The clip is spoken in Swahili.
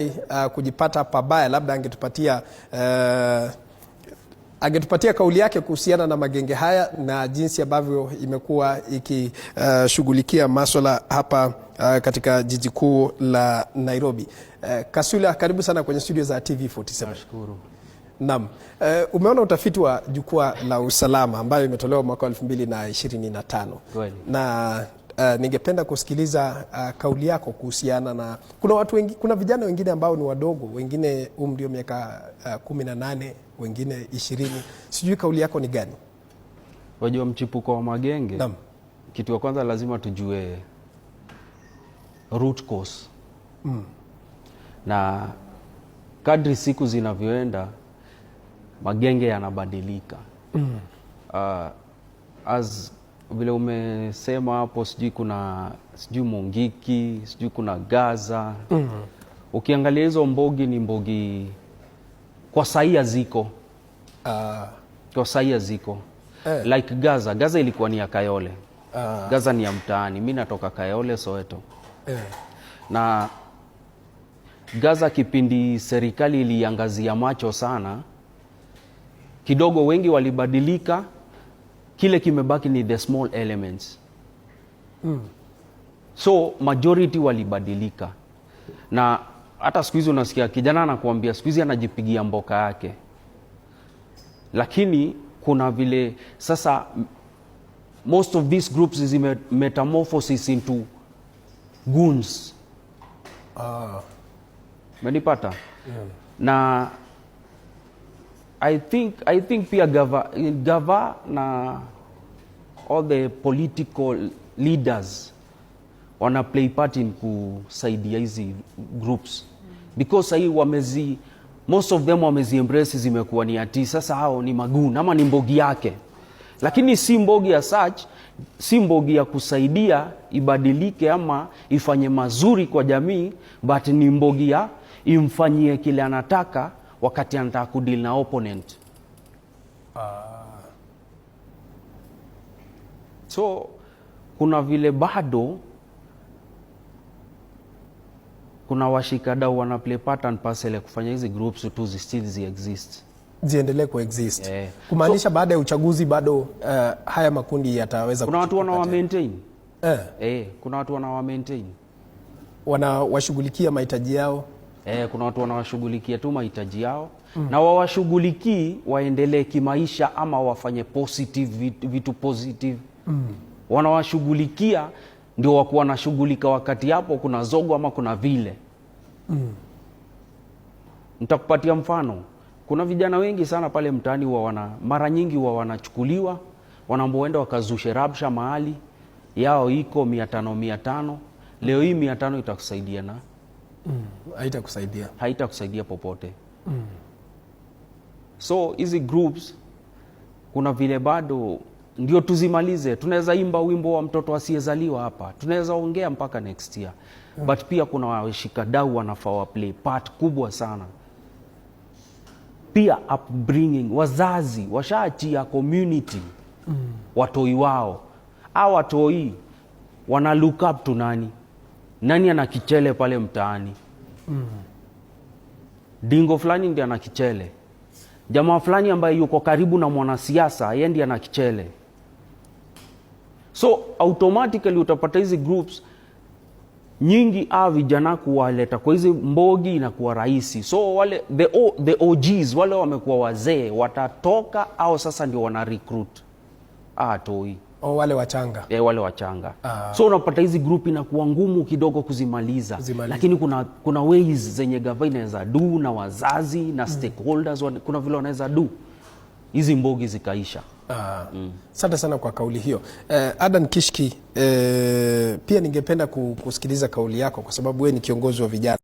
Uh, kujipata pabaya labda angetupatia uh, angetupatia kauli yake kuhusiana na magenge haya na jinsi ambavyo imekuwa ikishughulikia uh, maswala hapa uh, katika jiji kuu la Nairobi. Uh, Kasula, karibu sana kwenye studio za TV47. Nashukuru. Naam. Uh, umeona utafiti wa jukwaa la usalama ambayo imetolewa mwaka 2025 na Uh, ningependa kusikiliza uh, kauli yako kuhusiana na kuna watu wengi, kuna vijana wengine ambao ni wadogo, wengine umri wa miaka uh, eh, kumi na nane, wengine ishirini. Sijui kauli yako ni gani? Wajua mchipuko wa magenge Dam. Kitu ya kwanza lazima tujue root cause mm. Na kadri siku zinavyoenda magenge yanabadilika mm. uh, as vile umesema hapo, sijui kuna sijui Mungiki, sijui kuna Gaza mm -hmm. Ukiangalia hizo mbogi ni mbogi kwa sahii haziko uh, ah. kwa sahii haziko eh. Like Gaza, Gaza ilikuwa ni ya Kayole uh, Gaza ni ya mtaani. Mi natoka Kayole Soweto eh. na Gaza kipindi serikali iliangazia macho sana kidogo, wengi walibadilika kile kimebaki ni the small elements mm. So majority walibadilika, na hata siku hizi unasikia kijana anakuambia siku hizi anajipigia mboka yake, lakini kuna vile sasa most of these groups is metamorphosis into goons. Ah. Menipata? Yeah. Na I think, I think pia gava, gava na all the political leaders wana play part in kusaidia hizi groups because sahii wamezi most of them wamezi embrace zimekuwa ni ati sasa hao ni magun ama ni mbogi yake, lakini si mbogi ya search, si mbogi ya kusaidia ibadilike ama ifanye mazuri kwa jamii, but ni mbogi ya imfanyie kile anataka wakati anataka kudeal na opponent uh. So kuna vile bado kuna washikadau wana play part and parcel ya kufanya hizi groups tu still zi exist ziendelee kuexist yeah. Kumaanisha so, baada ya uchaguzi bado uh, haya makundi yataweza. Kuna watu wanawa maintain eh. Eh, kuna watu wanawa maintain wanawashughulikia mahitaji yao E, kuna watu wanawashughulikia tu mahitaji yao mm. na wawashughulikii waendelee kimaisha ama wafanye positive vitu, vitu positive mm. wanawashughulikia ndio wakuwa wanashughulika wakati hapo kuna zogo ama kuna vile mm. nitakupatia mfano. Kuna vijana wengi sana pale mtaani wa wana mara nyingi wa wanachukuliwa wanaenda wakazushe rabsha mahali yao iko mia tano mia tano leo hii mia tano itakusaidia na mm. haitakusaidia haitakusaidia popote mm. So hizi groups kuna vile bado ndio tuzimalize. Tunaweza imba wimbo wa mtoto asiyezaliwa hapa, tunaweza ongea mpaka next year mm. But pia kuna washikadau wanafaa wa play part kubwa sana pia upbringing. Wazazi washaachia community mm. watoi wao, a watoi wana look up to nani? Nani ana kichele pale mtaani? mm. Dingo fulani ndi ana kichele, jamaa fulani ambaye yuko karibu na mwanasiasa, yeye ndi ana kichele. So automatically utapata hizi groups nyingi a vijana kuwaleta kwa hizi mbogi inakuwa rahisi. So wale the, o, the OGs wale wamekuwa wazee watatoka, au sasa ndio wana recruit atoi ah, O wale wachanga. Ya, eh, wale wachanga Aa. Ah. So unapata hizi group inakuwa ngumu kidogo kuzimaliza, kuzimaliza. Lakini kuna, kuna ways zenye gava inaweza du na wazazi na mm. stakeholders kuna vile wanaweza du hizi mbogi zikaisha. Mm. sana kwa kauli hiyo eh, Adan Kishki eh, pia ningependa kusikiliza kauli yako kwa sababu wewe ni kiongozi wa vijana.